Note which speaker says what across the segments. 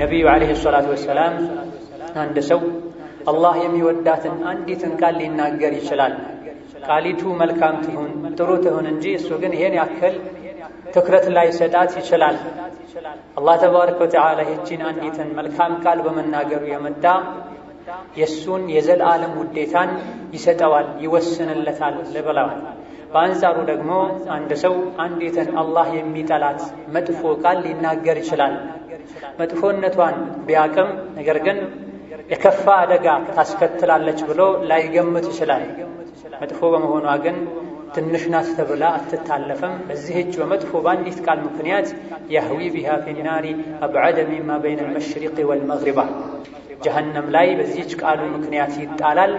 Speaker 1: ነቢዩ ዓለይሂ ሰላቱ ወሰላም አንድ ሰው አላህ የሚወዳትን አንዲትን ቃል ሊናገር ይችላል። ቃሊቱ መልካም ትሁን ጥሩ ትሁን እንጂ እሱ ግን ይሄን ያክል ትኩረት ላይ ሰጣት ይችላል። አላህ ተባረከ ወተዓላ ይህችን አንዲትን መልካም ቃል በመናገሩ የመጣ የእሱን የዘላለም ውዴታን ይሰጠዋል፣ ይወስንለታል ብለዋል። በአንጻሩ ደግሞ አንድ ሰው አንዲትን አላህ የሚጠላት መጥፎ ቃል ሊናገር ይችላል። መጥፎነቷን ቢያቅም ነገር ግን የከፋ አደጋ ታስከትላለች ብሎ ላይገምት ይችላል። መጥፎ በመሆኗ ግን ትንሽ ናት ተብላ አትታለፍም። በዚህች በመጥፎ በአንዲት ቃል ምክንያት ያህዊ ቢሃ ፊናሪ አብዐደ ሚማ በይነ አልመሽሪቂ ወልመግሪባ ጀሀነም ላይ በዚህች ቃሉ ምክንያት ይጣላል።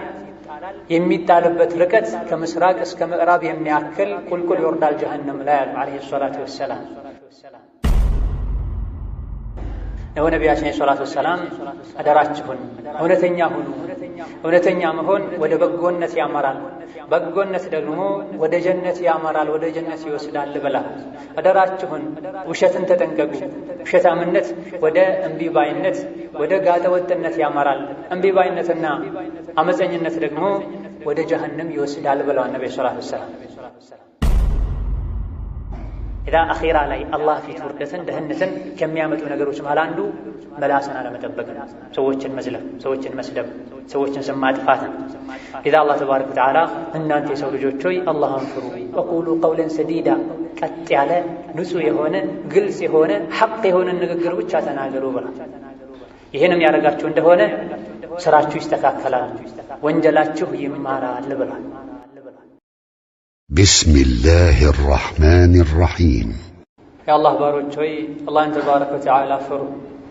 Speaker 1: የሚጣልበት ርቀት ከምስራቅ እስከ ምዕራብ የሚያክል ቁልቁል ይወርዳል ጀሀነም ላይ አሉ ዓለይሂ ሰላቱ ወሰላም። ነው ነቢያችን ሰላቱ ሰላም አደራችሁን እውነተኛ ሁኑ። እውነተኛ መሆን ወደ በጎነት ያመራል፣ በጎነት ደግሞ ወደ ጀነት ያመራል፣ ወደ ጀነት ይወስዳል ብላ አደራችሁን፣ ውሸትን ተጠንቀቁ። ውሸታምነት ወደ እምቢባይነት ወደ ጋጠወጥነት ያመራል። እምቢባይነትና አመፀኝነት ደግሞ ወደ ጀሀነም ይወስዳል ብለዋል ነቢ ሰላቱ ሰላም። ኢዛ አኼራ ላይ አላህ ፊት ውርደትን ደህነትን ከሚያመጡ ነገሮች መሃል አንዱ መላስን አለመጠበቅ ሰዎችን መዝለፍ፣ ሰዎችን መስደብ፣ ሰዎችን ስም ማጥፋት ነው። ኢዛ አላህ ተባረከ ወተዓላ እናንተ የሰው ልጆች ሆይ አላህን ፍሩ፣ ወቁሉ ቀውለን ሰዲዳ፣ ቀጥ ያለ ንጹህ የሆነ ግልጽ የሆነ ሐቅ የሆነ ንግግር ብቻ ተናገሩ ብላ ይህንም ያደረጋችሁ እንደሆነ ስራችሁ ይስተካከላል፣ ወንጀላችሁ ይማራል ብሏል።
Speaker 2: بسم الله الرحمن الرحيم
Speaker 1: يا الله باروك وي الله انت بارك وتعالى فرو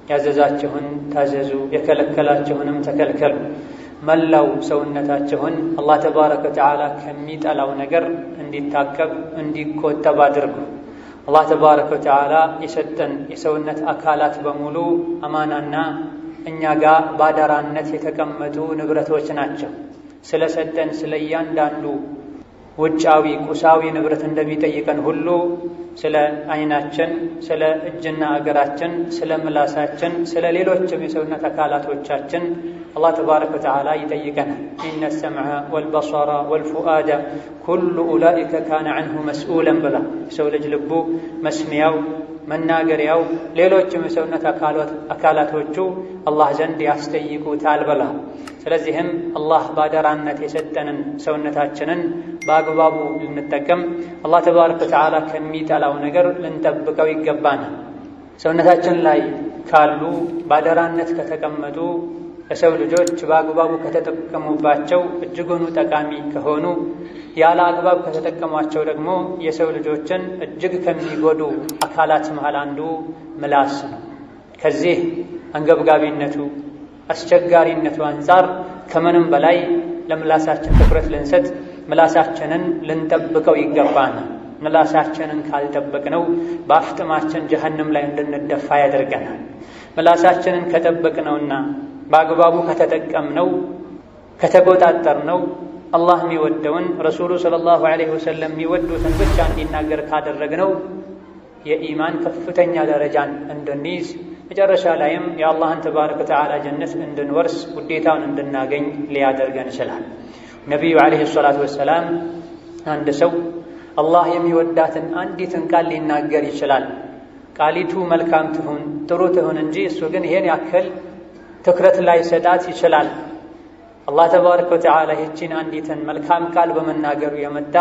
Speaker 1: يا زجاج جهن تاززو يا كلكلات جهن متكلكل ملو سونتات جهن الله تبارك وتعالى كميت على ونقر اندي تاكب اندي كوتا تبادرك الله تبارك وتعالى يشتن يسونت اكالات بمولو امانا نا ان يقا بادران نتي تكمتو نبرتو سلسدن سليان داندو ውጫዊ ቁሳዊ ንብረት እንደሚጠይቀን ሁሉ ስለ አይናችን፣ ስለ እጅና እግራችን፣ ስለ ምላሳችን፣ ስለ ሌሎችም የሰውነት አካላቶቻችን አላህ ተባረከ ወተዓላ ይጠይቀናል። ኢነ ሰምዐ ወልበሰረ ወልፉአደ ኩሉ ኡላኢከ ካነ ዐንሁ መስኡለን ብላ የሰው ልጅ ልቡ መስሚያው መናገሪያው ሌሎችም የሰውነት አካላቶቹ አላህ ዘንድ ያስጠይቁታል ብላ። ስለዚህም አላህ ባደራነት የሰጠንን ሰውነታችንን በአግባቡ ልንጠቀም አላህ ተባረከ ወተዓላ ከሚጠላው ነገር ልንጠብቀው ይገባናል። ሰውነታችን ላይ ካሉ ባደራነት ከተቀመጡ የሰው ልጆች በአግባቡ ከተጠቀሙባቸው እጅጉኑ ጠቃሚ ከሆኑ ያለ አግባብ ከተጠቀሟቸው ደግሞ የሰው ልጆችን እጅግ ከሚጎዱ አካላት መሃል አንዱ ምላስ ነው። ከዚህ አንገብጋቢነቱ አስቸጋሪነቱ አንጻር ከምንም በላይ ለምላሳችን ትኩረት ልንሰጥ ምላሳችንን ልንጠብቀው ይገባናል። ምላሳችንን ካልጠበቅነው በአፍጥማችን ጀሀንም ላይ እንድንደፋ ያደርገናል። ምላሳችንን ከጠበቅነውና በአግባቡ ከተጠቀምነው ከተቆጣጠርነው አላህ የሚወደውን ረሱሉ ሰለላሁ ዐለይሂ ወሰለም የሚወዱትን ብቻ እንዲናገር ካደረግነው የኢማን ከፍተኛ ደረጃን እንድንይዝ መጨረሻ ላይም የአላህን ተባረከ ወተዓላ ጀነት እንድንወርስ ውዴታውን እንድናገኝ ሊያደርገን ይችላል። ነቢዩ ዐለይሂ ሰላቱ ወሰላም አንድ ሰው አላህ የሚወዳትን አንዲትን ቃል ሊናገር ይችላል። ቃሊቱ መልካም ትሁን ጥሩ ትሁን እንጂ እሱ ግን ይሄን ያክል ትኩረት ላይ ሰጣት ይችላል። አላህ ተባረከ ወተዓላ ይህችን አንዲትን መልካም ቃል በመናገሩ የመጣ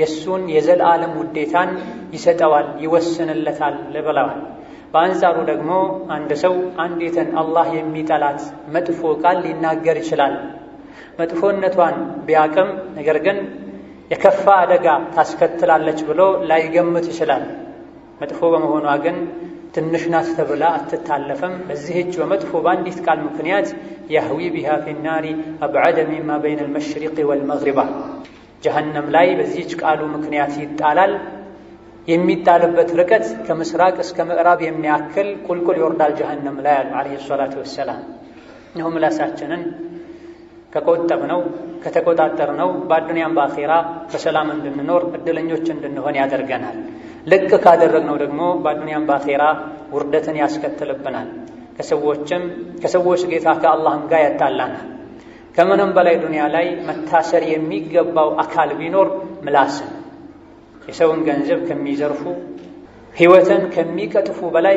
Speaker 1: የእሱን የዘላለም ውዴታን ይሰጠዋል፣ ይወስንለታል ብለዋል። በአንጻሩ ደግሞ አንድ ሰው አንዲትን አላህ የሚጠላት መጥፎ ቃል ሊናገር ይችላል። መጥፎነቷን ቢያቅም ነገር ግን የከፋ አደጋ ታስከትላለች ብሎ ላይገምት ይችላል። መጥፎ በመሆኗ ግን ትንሽ ናት ተብላ አትታለፈም። በዚህች በመጥፎ በአንዲት ቃል ምክንያት ያህዊ ቢሃ ፊናሪ አብዐደ ሚማ በይነ አልመሽሪቂ ወልመግሪባ ጀሀነም ላይ በዚህች ቃሉ ምክንያት ይጣላል። የሚጣልበት ርቀት ከምስራቅ እስከ ምዕራብ የሚያክል ቁልቁል ይወርዳል ጀሀነም ላይ አሉ ዓለይሂ ሰላቱ ወሰላም። ይኸው ምላሳችንን ከቆጠብነው ከተቆጣጠርነው በአዱንያም በአኼራ በሰላም እንድንኖር እድለኞች እንድንሆን ያደርገናል። ልቅ ካደረግነው ደግሞ በአዱንያም በአኼራ ውርደትን ያስከትልብናል። ከሰዎችም ከሰዎች ጌታ ከአላህም ጋር ያጣላናል። ከምንም በላይ ዱንያ ላይ መታሰር የሚገባው አካል ቢኖር ምላስን የሰውን ገንዘብ ከሚዘርፉ ህይወትን ከሚቀጥፉ በላይ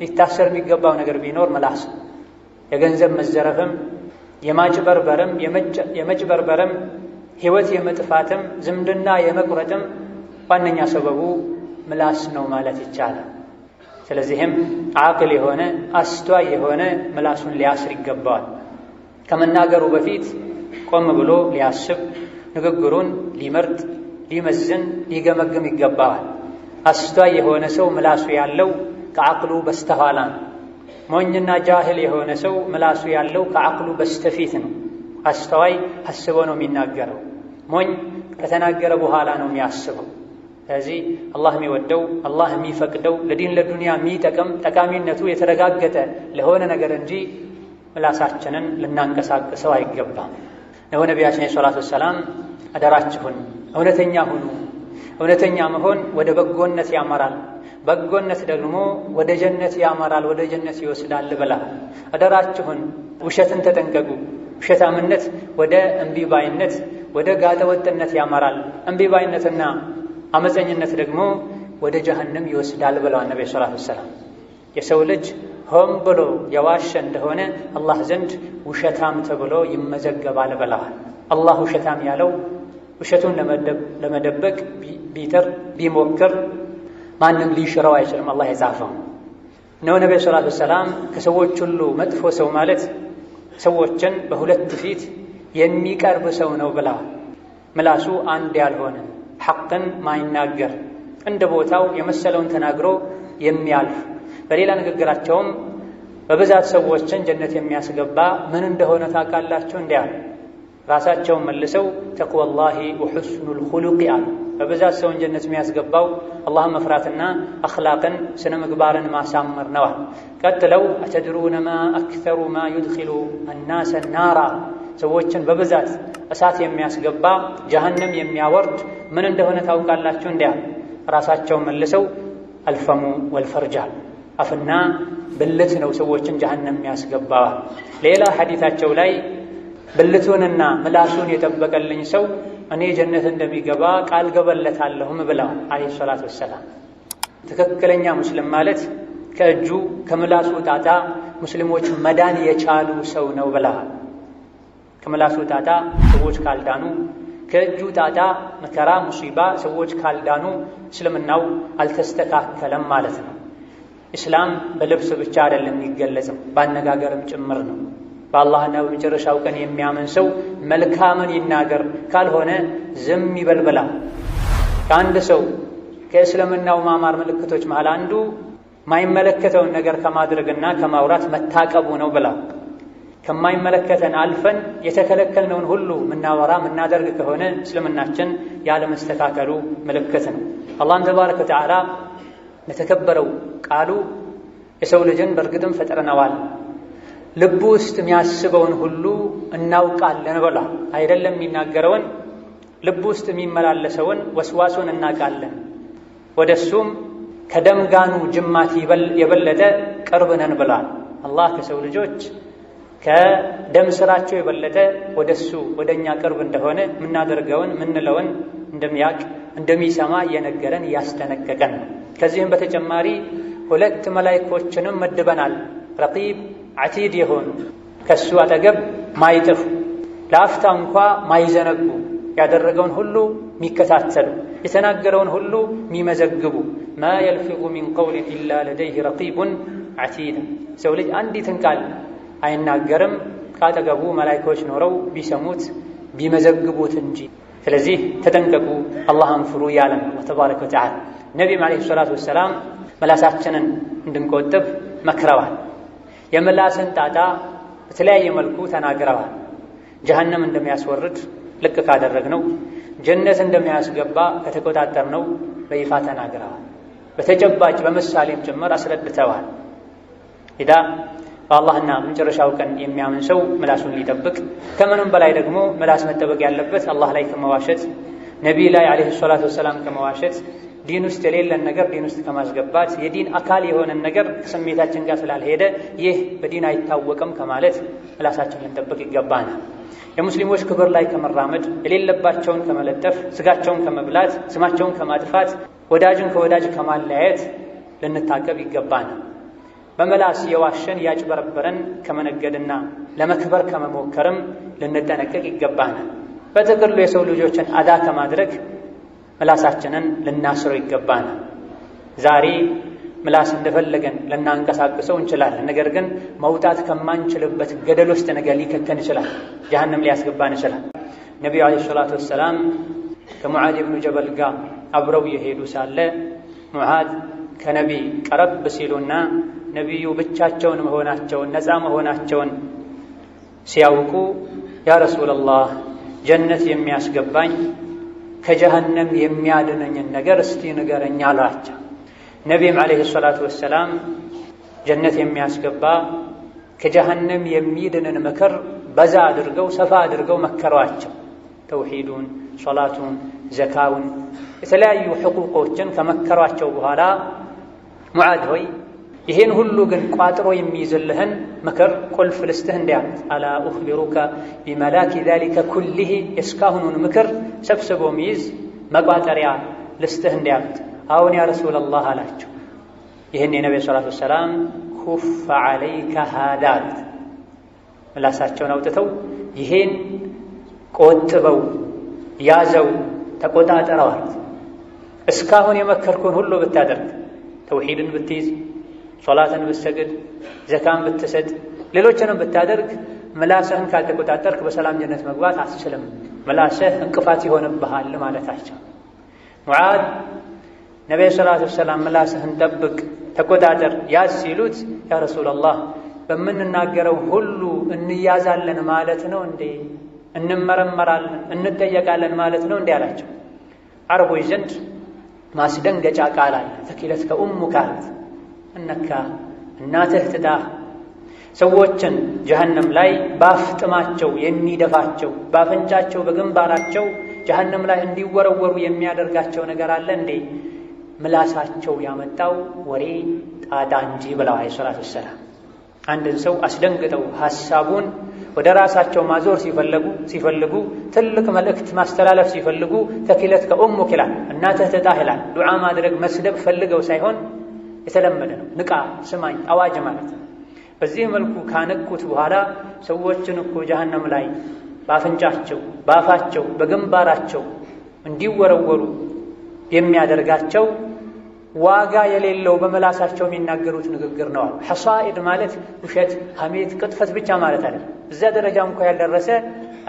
Speaker 1: ሊታሰር የሚገባው ነገር ቢኖር ምላስ የገንዘብ መዘረፍም የማጭበርበርም የመጭበርበርም ህይወት የመጥፋትም ዝምድና የመቁረጥም ዋነኛ ሰበቡ ምላስ ነው ማለት ይቻላል። ስለዚህም አቅል የሆነ አስተዋይ የሆነ ምላሱን ሊያስር ይገባዋል። ከመናገሩ በፊት ቆም ብሎ ሊያስብ፣ ንግግሩን ሊመርጥ፣ ሊመዝን፣ ሊገመግም ይገባዋል። አስተዋይ የሆነ ሰው ምላሱ ያለው ከአቅሉ በስተኋላ ነው። ሞኝና ጃህል የሆነ ሰው ምላሱ ያለው ከአቅሉ በስተፊት ነው። አስተዋይ አስቦ ነው የሚናገረው። ሞኝ ከተናገረ በኋላ ነው የሚያስበው። ስለዚህ አላህ የሚወደው አላህ የሚፈቅደው ለዲን ለዱንያ የሚጠቅም ጠቃሚነቱ የተረጋገጠ ለሆነ ነገር እንጂ ምላሳችንን ልናንቀሳቅሰው አይገባም። ነቢያችን ሰላቱ ወሰላም አደራችሁን እውነተኛ ሁኑ እውነተኛ መሆን ወደ በጎነት ያመራል። በጎነት ደግሞ ወደ ጀነት ያመራል፣ ወደ ጀነት ይወስዳል ብላ አደራችሁን። ውሸትን ተጠንቀቁ። ውሸታምነት ወደ እምቢባይነት፣ ወደ ጋጠወጥነት ያመራል። እምቢባይነትና አመፀኝነት ደግሞ ወደ ጀሀነም ይወስዳል ብለዋል ነቢ ሰላቱ ወሰላም። የሰው ልጅ ሆም ብሎ የዋሸ እንደሆነ አላህ ዘንድ ውሸታም ተብሎ ይመዘገባል ብለዋል። አላህ ውሸታም ያለው ውሸቱን ለመደበቅ ቢጥር ቢሞክር ማንም ሊሽረው አይችልም። አላህ የጻፈው ነው። ነቢ ሰላቱ ወሰላም ከሰዎች ሁሉ መጥፎ ሰው ማለት ሰዎችን በሁለት ፊት የሚቀርብ ሰው ነው ብላ ምላሱ አንድ ያልሆነ ሐቅን ማይናገር እንደ ቦታው የመሰለውን ተናግሮ የሚያልፍ በሌላ ንግግራቸውም በብዛት ሰዎችን ጀነት የሚያስገባ ምን እንደሆነ ታውቃላችሁ? እንዲያል ራሳቸውን መልሰው ተቅዋላሂ ወሑስኑል ኹሉቅ አሉ። በብዛት ሰውን ጀነት የሚያስገባው አላህን መፍራትና አኽላቅን ስነ ምግባርን ማሳመር ነዋል። ቀጥለው አተድሩነ ማ አክተሩ ማ ዩድኪሉ አናሰ ናራ ሰዎችን በብዛት እሳት የሚያስገባ ጀሀነም የሚያወርድ ምን እንደሆነ ታውቃላችሁ? እንዲያ ራሳቸውን መልሰው አልፈሙ ወልፈርጃል አፍና ብልት ነው ሰዎችን ጀሀነም የሚያስገባዋል። ሌላ ሐዲታቸው ላይ ብልቱንና ምላሱን የጠበቀልኝ ሰው እኔ ጀነት እንደሚገባ ቃል ገበለታለሁም ብለው አለ ሰላት ወሰላም። ትክክለኛ ሙስሊም ማለት ከእጁ ከምላሱ ጣጣ ሙስሊሞች መዳን የቻሉ ሰው ነው ብለዋል። ከምላሱ ጣጣ ሰዎች ካልዳኑ፣ ከእጁ ጣጣ መከራ፣ ሙሲባ ሰዎች ካልዳኑ እስልምናው አልተስተካከለም ማለት ነው። እስላም በልብስ ብቻ አይደለም የሚገለጽም፣ በአነጋገርም ጭምር ነው። በአላህና በመጨረሻው ቀን የሚያምን ሰው መልካምን ይናገር፣ ካልሆነ ዝም ይበልበላ። ከአንድ ሰው ከእስልምናው ማማር ምልክቶች መሃል አንዱ ማይመለከተውን ነገር ከማድረግና ከማውራት መታቀቡ ነው ብላ ከማይመለከተን አልፈን የተከለከልነውን ሁሉ ምናወራ ምናደርግ ከሆነ እስልምናችን ያለመስተካከሉ ምልክት ነው። አላህን ተባረከ ወተዓላ ለተከበረው ቃሉ የሰው ልጅን በእርግጥም ፈጥረነዋል ልቡ ውስጥ የሚያስበውን ሁሉ እናውቃለን ብሏል። አይደለም የሚናገረውን ልቡ ውስጥ የሚመላለሰውን ወስዋሱን እናውቃለን። ወደ እሱም ከደምጋኑ ጅማት የበለጠ ቅርብ ነን ብሏል። አላህ ከሰው ልጆች ከደም ስራቸው የበለጠ ወደ እሱ ወደ እኛ ቅርብ እንደሆነ የምናደርገውን ምንለውን እንደሚያውቅ እንደሚሰማ እየነገረን እያስጠነቀቀን ነው። ከዚህም በተጨማሪ ሁለት መላይኮችንም መድበናል። ረቂብ ዓቲድ የሆኑ ከሱ አጠገብ ማይጥፉ ለአፍታ እንኳ ማይዘነጉ ያደረገውን ሁሉ የሚከታተሉ የተናገረውን ሁሉ የሚመዘግቡ ማ የልፊዙ ሚን ቀውሊን ኢላ ለደይህ ረቂቡን ዓቲድ። ሰው ልጅ አንዲትን ቃል አይናገርም ካጠገቡ መላኢካዎች ኖረው ቢሰሙት ቢመዘግቡት እንጂ። ስለዚህ ተጠንቀቁ፣ አላህን ፍሩ ያለን ተባረከ ወተዓላ ነቢም ዓለይሂ ሰላቱ ወሰላም መላሳችንን እንድንቆጥብ መክረዋል። የምላስን ጣጣ በተለያየ መልኩ ተናግረዋል። ጀሀነም እንደሚያስወርድ ካደረግ ነው። ጀነት እንደሚያስገባ ነው በይፋ ተናግረዋል። በተጨባጭ በምሳሌም ጭምር አስረድተዋል። ኢዳ በአላህና መጨረሻው ቀን የሚያምን ሰው ምላሱን ሊጠብቅ ከምንም በላይ ደግሞ ምላስ መጠበቅ ያለበት አላህ ላይ ከመዋሸት ነቢይ ላይ ዓለይሂ ሰላቱ ወሰላም ከመዋሸት ዲን ውስጥ የሌለን ነገር ዲን ውስጥ ከማስገባት የዲን አካል የሆነን ነገር ከስሜታችን ጋር ስላልሄደ ይህ በዲን አይታወቅም ከማለት ራሳችን ልንጠብቅ ይገባናል። የሙስሊሞች ክብር ላይ ከመራመድ፣ የሌለባቸውን ከመለጠፍ፣ ስጋቸውን ከመብላት፣ ስማቸውን ከማጥፋት፣ ወዳጅን ከወዳጅ ከማለያየት ልንታቀብ ይገባናል። በመላስ የዋሸን ያጭበረበረን ከመነገድና ለመክበር ከመሞከርም ልንጠነቀቅ ይገባናል። በጥቅሉ የሰው ልጆችን አዳ ከማድረግ ምላሳችንን ልናስረው ይገባናል። ዛሬ ምላስ እንደፈለገን ልናንቀሳቅሰው እንችላለን። ነገር ግን መውጣት ከማንችልበት ገደል ውስጥ ነገር ሊከተን ይችላል። ጀሀነም ሊያስገባን ይችላል። ነቢዩ ዓለይሂ ሰላቱ ወሰላም ከሙዓዝ ብኑ ጀበል ጋር አብረው የሄዱ ሳለ ሙዓዝ ከነቢይ ቀረብ ሲሉና ነቢዩ ብቻቸውን መሆናቸውን ነፃ መሆናቸውን ሲያውቁ ያ ረሱለላህ ጀነት የሚያስገባኝ ከጀሃነም የሚያድነኝን ነገር እስቲ ንገረኝ አሏቸው። ነቢም ዓለይሂ ሰላቱ ወሰላም ጀነት የሚያስገባ ከጀሃነም የሚድንን ምክር በዛ አድርገው ሰፋ አድርገው መከሯቸው። ተውሂዱን፣ ሶላቱን፣ ዘካውን የተለያዩ ሕቁቆችን ከመከሯቸው በኋላ ሙዓድ ሆይ ይሄን ሁሉ ግን ቋጥሮ የሚይዝልህን ምክር ቁልፍ ልስትህ እንዲያ አላ ኡኽቢሩከ ቢመላኪ ዛሊከ ኩሊህ የእስካሁኑን ምክር ሰብስቦ የሚይዝ መቋጠሪያ ልስትህ እንዲያ አሁን ያ ረሱለላህ አላቸው። ይህን የነቢ ሰላቱ ወሰላም ኩፍ ዓለይከ ሃዳት ምላሳቸውን አውጥተው ይሄን ቆጥበው ያዘው ተቆጣጠረዋል። እስካሁን የመከርኩን ሁሉ ብታደርግ ተውሂድን ብትይዝ ሶላትን ብትሰግድ፣ ዘካን ብትሰጥ፣ ሌሎችንም ብታደርግ ምላስህን ካልተቆጣጠርክ በሰላም ጀነት መግባት አትችልም። ምላስህ እንቅፋት ይሆንብሃል ማለታቸው። ሙዓዝ ነቢይ ሰላት ወሰላም ምላስህን ጠብቅ፣ ተቆጣጠር ያዝ ሲሉት ያ ረሱላላህ በምንናገረው ሁሉ እንያዛለን ማለት ነው እንዴ? እንመረመራለን እንጠየቃለን ማለት ነው እንዴ አላቸው። አረቦች ዘንድ ማስደንገጫ ቃል አለ ተኪለት ከኡሙ ካላት እነካ እናትህ ትዳህ ሰዎችን ጀሀነም ላይ ባፍጥማቸው የሚደፋቸው ባፍንጫቸው በግንባራቸው ጀሀነም ላይ እንዲወረወሩ የሚያደርጋቸው ነገር አለ እንዴ? ምላሳቸው ያመጣው ወሬ ጣጣ እንጂ ብለዋል ዓለይሂ ሰላቱ ወሰላም። አንድን ሰው አስደንግጠው ሀሳቡን ወደ ራሳቸው ማዞር ሲፈለጉ ሲፈልጉ ትልቅ መልእክት ማስተላለፍ ሲፈልጉ ተኪለት ከኡሙክ ይላል እናትህ ትጣህ ይላል። ዱዓ ማድረግ መስደብ ፈልገው ሳይሆን የተለመደ ነው። ንቃ፣ ስማኝ፣ አዋጅ ማለት ነው። በዚህ መልኩ ካነቁት በኋላ ሰዎችን እኮ ጀሀነም ላይ በአፍንጫቸው፣ በአፋቸው፣ በግንባራቸው እንዲወረወሩ የሚያደርጋቸው ዋጋ የሌለው በመላሳቸው የሚናገሩት ንግግር ነው። ሐሳኢድ ማለት ውሸት፣ ሐሜት፣ ቅጥፈት ብቻ ማለት አይደለም። እዚያ ደረጃ እንኳ ያልደረሰ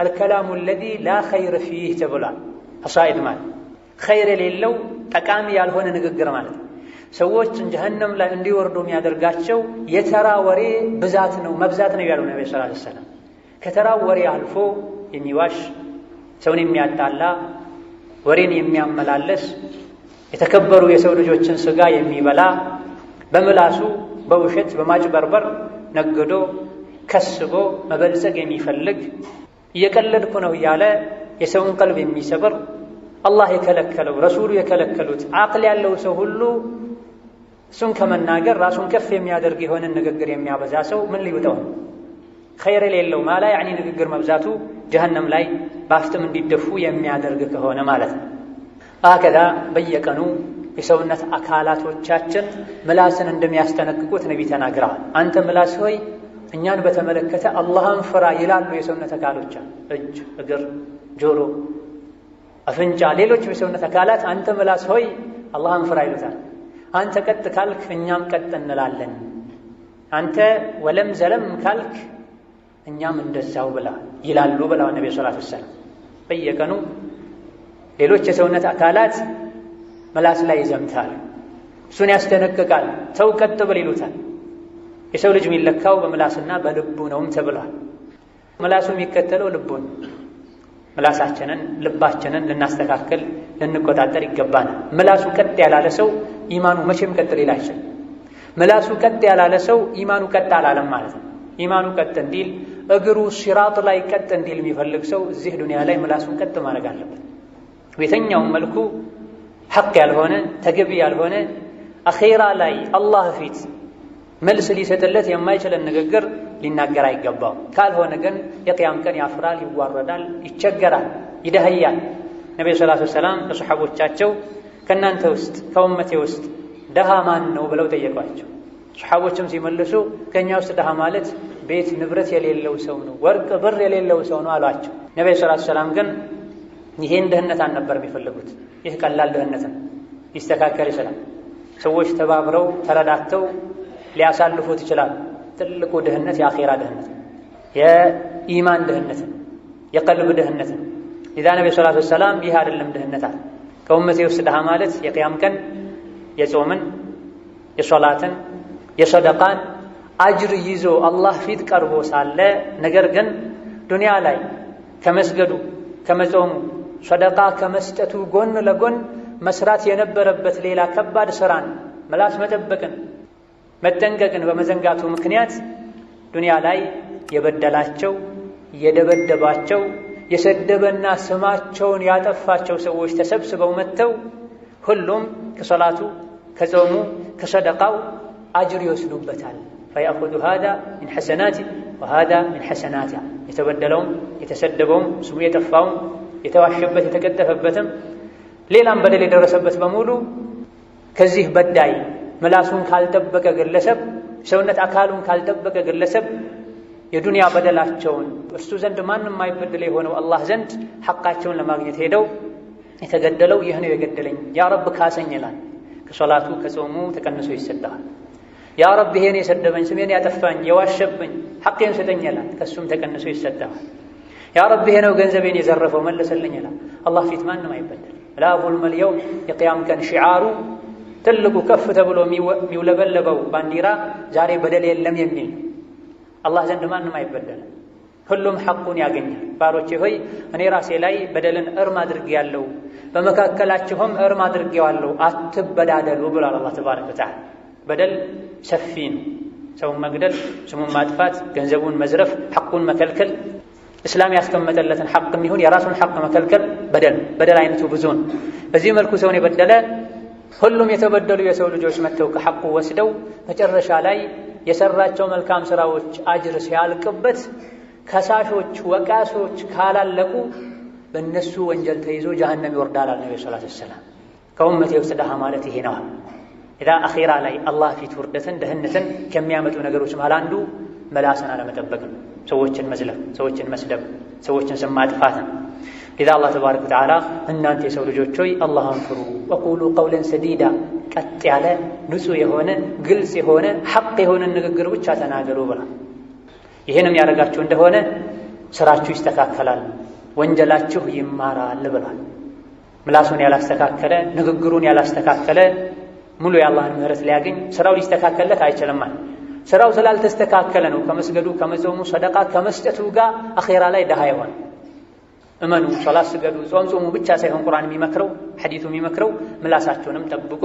Speaker 1: አልከላሙ ለዚ ላ ኸይር ፊህ ተብሏል። ሐሳኢድ ማለት ኸይር የሌለው ጠቃሚ ያልሆነ ንግግር ማለት ነው። ሰዎች ጀሀነም ላይ እንዲወርዱ የሚያደርጋቸው የተራ ወሬ ብዛት ነው መብዛት ነው ያሉ ነቢ ሰለላሁ ዐለይሂ ወሰለም። ከተራ ወሬ አልፎ የሚዋሽ ሰውን የሚያጣላ ወሬን የሚያመላለስ የተከበሩ የሰው ልጆችን ስጋ የሚበላ በምላሱ በውሸት በማጭበርበር ነግዶ ከስቦ መበልጸግ የሚፈልግ እየቀለድኩ ነው እያለ የሰውን ቀልብ የሚሰብር አላህ የከለከለው ረሱሉ የከለከሉት አቅል ያለው ሰው ሁሉ እሱን ከመናገር ራሱን ከፍ የሚያደርግ የሆነን ንግግር የሚያበዛ ሰው ምን ሊውጠው ነው? ኸይር የሌለው ማላ ያዕኒ ንግግር መብዛቱ ጀሀነም ላይ በአፍጥም እንዲደፉ የሚያደርግ ከሆነ ማለት ነው። አከዛ በየቀኑ የሰውነት አካላቶቻችን ምላስን እንደሚያስጠነቅቁት ነቢ ተናግረዋል። አንተ ምላስ ሆይ እኛን በተመለከተ አላህን ፍራ ይላሉ የሰውነት አካሎቻ እጅ፣ እግር፣ ጆሮ፣ አፍንጫ፣ ሌሎች የሰውነት አካላት አንተ ምላስ ሆይ አላህን ፍራ ይሉታል። አንተ ቀጥ ካልክ እኛም ቀጥ እንላለን። አንተ ወለም ዘለም ካልክ እኛም እንደዛው ብላ ይላሉ ብላ ነቢ ሰላት ወሰላም በየቀኑ ሌሎች የሰውነት አካላት ምላስ ላይ ይዘምታል። እሱን ያስደነቅቃል። ተው ቀጥ ብል ይሉታል። የሰው ልጅ የሚለካው በምላስና በልቡ ነውም ተብሏል። ምላሱ የሚከተለው ልቡን ምላሳችንን ልባችንን ልናስተካከል ልንቆጣጠር ይገባናል። ምላሱ ቀጥ ያላለ ሰው ኢማኑ መቼም ቀጥ ሊል አይችል። ምላሱ ቀጥ ያላለ ሰው ኢማኑ ቀጥ አላለም ማለት ነው። ኢማኑ ቀጥ እንዲል እግሩ ሲራጥ ላይ ቀጥ እንዲል የሚፈልግ ሰው እዚህ ዱንያ ላይ ምላሱን ቀጥ ማድረግ አለበት። በየትኛውም መልኩ ሐቅ ያልሆነ ተገቢ ያልሆነ አኼራ ላይ አላህ ፊት መልስ ሊሰጥለት የማይችለን ንግግር ሊናገር አይገባው። ካልሆነ ግን የቅያም ቀን ያፍራል፣ ይዋረዳል፣ ይቸገራል፣ ይደህያል። ነቢዩ ሰላቱ ሰላም ለሰሓቦቻቸው ከእናንተ ውስጥ ከውመቴ ውስጥ ደሃ ማን ነው ብለው ጠየቋቸው። ሰሓቦችም ሲመልሱ ከእኛ ውስጥ ደሃ ማለት ቤት ንብረት የሌለው ሰው ነው፣ ወርቅ ብር የሌለው ሰው ነው አሏቸው። ነቢ ስላት ሰላም ግን ይሄን ድህነት አልነበር የሚፈልጉት ይህ ቀላል ድህነት ነው፣ ሊስተካከል ይችላል። ሰዎች ተባብረው ተረዳተው ሊያሳልፉት ይችላል። ትልቁ ድህነት የአኼራ ድህነት ነው፣ የኢማን ድህነት ነው፣ የቀልብ ድህነት ነው። ዛ ነቢ ስላት ሰላም ይህ አይደለም ድህነት አለ በኡመቴ ውስጥ ድሃ ማለት የቅያም ቀን የጾምን፣ የሶላትን፣ የሰደቃን አጅር ይዞ አላህ ፊት ቀርቦ ሳለ ነገር ግን ዱንያ ላይ ከመስገዱ ከመጾሙ ሰደቃ ከመስጠቱ ጎን ለጎን መስራት የነበረበት ሌላ ከባድ ስራን ምላስ መጠበቅን መጠንቀቅን በመዘንጋቱ ምክንያት ዱንያ ላይ የበደላቸው የደበደባቸው የሰደበና ስማቸውን ያጠፋቸው ሰዎች ተሰብስበው መጥተው ሁሉም ከሶላቱ ከጾሙ ከሰደቃው አጅር ይወስዱበታል። ፈያእኹዙ ሃዳ ሚን ሐሰናቲ ወሃዳ ሚን ሐሰናቲ የተበደለውም የተሰደበውም ስሙ የጠፋውም የተዋሸበት የተቀጠፈበትም ሌላም በደል የደረሰበት በሙሉ ከዚህ በዳይ ምላሱን ካልጠበቀ ግለሰብ፣ የሰውነት አካሉን ካልጠበቀ ግለሰብ የዱንያ በደላቸውን እሱ ዘንድ ማንም የማይበደል የሆነው አላህ ዘንድ ሐቃቸውን ለማግኘት ሄደው የተገደለው ይህ ነው የገደለኝ፣ ያ ረብ ካሰኝ ይላል። ከሶላቱ ከጾሙ ተቀንሶ ይሰዳል። ያ ረብ ይሄን የሰደበኝ ስሜን ያጠፋኝ የዋሸብኝ ሐቄን ስጠኝ ይላል። ከሱም ተቀንሶ ይሰዳል። ያ ረብ ይሄ ነው ገንዘቤን የዘረፈው መለሰልኝ ይላል። አላህ ፊት ማንም አይበደል። ላ ዙልመል የውም የቅያም ቀን ሽዓሩ ትልቁ ከፍ ተብሎ የሚውለበለበው ባንዲራ ዛሬ በደል የለም የሚል ነው። አላህ ዘንድ ማንም አይበደልም። ሁሉም ሐቁን ያገኛል። ባሮቼ ሆይ እኔ ራሴ ላይ በደልን እርም አድርጌያለሁ፣ በመካከላችሁም እርም አድርጌዋለሁ፣ አትበዳደሉ ብሏል አላህ ተባረከ ወተዓላ። በደል ሰፊ ነው። ሰውን መግደል፣ ስሙን ማጥፋት፣ ገንዘቡን መዝረፍ፣ ሐቁን መከልከል፣ እስላም ያስቀመጠለትን ሐቅ ይሁን የራሱን ሐቅ መከልከል በደል በደል አይነቱ ብዙ ነው። በዚህ መልኩ ሰውን የበደለ ሁሉም የተበደሉ የሰው ልጆች መጥተው ከሐቁ ወስደው መጨረሻ ላይ የሰራቸው መልካም ስራዎች አጅር ሲያልቅበት ከሳሾች ወቃሶች ካላለቁ በእነሱ ወንጀል ተይዞ ጀሀነም ይወርዳል አለ ነብዩ ሰለላሁ ዐለይሂ ወሰለም። ከኡመቴ ውስጥ ደሃ ማለት ይሄ ነዋል። ኢዳ አኺራ ላይ አላህ ፊት ውርደትን ድህነትን ከሚያመጡ ነገሮች መሃል አንዱ መላሰን አለመጠበቅ ነው። ሰዎችን መዝለፍ፣ ሰዎችን መስደብ፣ ሰዎችን ስም ማጥፋት ነው። ኢዛ አላህ ተባረከ ወተዓላ እናንተ የሰው ልጆች ሆይ አላህን ፍሩ፣ ወቁሉ ቀውለን ሰዲዳ ቀጥ ያለ ንጹህ የሆነ ግልጽ የሆነ ሐቅ የሆነ ንግግር ብቻ ተናገሩ ብሏል። ይሄንም ያደረጋችሁ እንደሆነ ስራችሁ ይስተካከላል፣ ወንጀላችሁ ይማራል ብሏል። ምላሱን ያላስተካከለ ንግግሩን ያላስተካከለ ሙሉ የአላህን ምህረት ሊያገኝ ስራው ሊስተካከልለት አይችልማል። ስራው ስላልተስተካከለ ነው ከመስገዱ ከመጾሙ ሰደቃ ከመስጠቱ ጋር አኼራ ላይ ድሃ ይሆን። እመኑ ሶላት ስገዱ፣ ጾም ጾሙ ብቻ ሳይሆን ቁርአን የሚመክረው ሐዲሱ የሚመክረው تبقوا ጠብቁ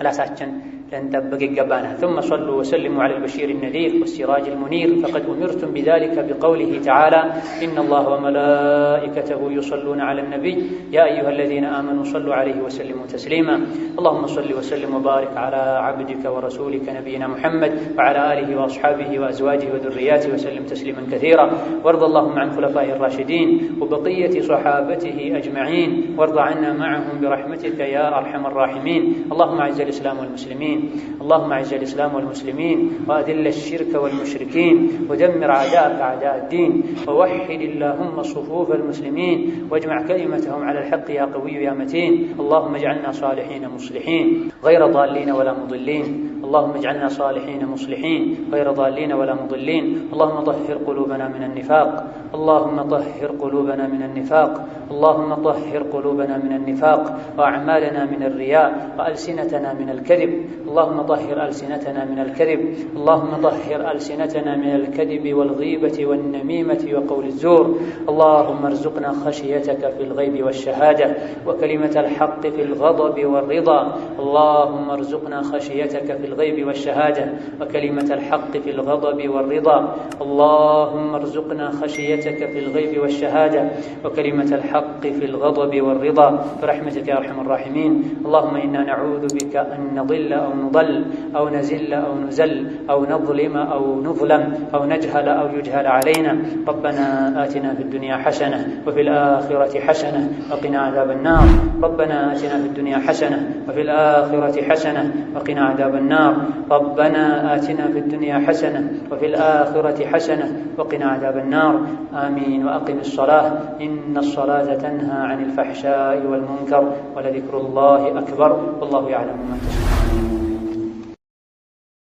Speaker 1: ملاساتهم لن تبقى ይገባናል። ثم صلوا وسلموا على البشير النذير والسراج المنير فقد أمرتم بذلك بقوله تعالى إن الله وملائكته يصلون على النبي يا أيها الذين آمنوا صلوا عليه وسلموا تسليما اللهم صل وسلم وبارك على عبدك ورسولك نبينا محمد وعلى آله وأصحابه وأزواجه وذرياته وسلم تسليما كثيرا وارض اللهم عن خلفائه الراشدين وبقية صحابته أجمعين وارض عنا معهم عنهم برحمتك يا أرحم الراحمين اللهم أعز الإسلام والمسلمين اللهم أعز الإسلام والمسلمين وأذل الشرك والمشركين ودمر أعداءك أعداء الدين ووحد اللهم صفوف المسلمين واجمع كلمتهم على الحق يا قوي يا متين اللهم اجعلنا صالحين مصلحين غير ضالين ولا مضلين اللهم اجعلنا صالحين مصلحين غير ضالين ولا مضلين اللهم طهر قلوبنا من النفاق اللهم طهر قلوبنا من النفاق اللهم طهر قلوبنا من النفاق واعمالنا من الرياء والسنتنا من الكذب اللهم طهر السنتنا من الكذب اللهم طهر السنتنا من الكذب والغيبه والنميمه وقول الزور اللهم ارزقنا خشيتك في الغيب والشهاده وكلمه الحق في الغضب والرضا اللهم ارزقنا خشيتك في الغيب الغيب والشهادة وكلمة الحق في الغضب والرضا اللهم ارزقنا خشيتك في الغيب والشهادة وكلمة الحق في الغضب والرضا برحمتك يا أرحم الراحمين اللهم إنا نعوذ بك أن نضل أو نضل أو نزل أو نزل أو نظلم أو نظلم أو نجهل أو يجهل علينا ربنا آتنا في الدنيا حسنة وفي الآخرة حسنة وقنا عذاب النار ربنا آتنا في الدنيا حسنة وفي الآخرة حسنة وقنا عذاب النار النار ربنا آتنا في الدنيا حسنة وفي الآخرة حسنة وقنا عذاب النار آمين وأقم الصلاة إن الصلاة تنهى عن الفحشاء والمنكر ولذكر الله أكبر والله يعلم ما تصنعون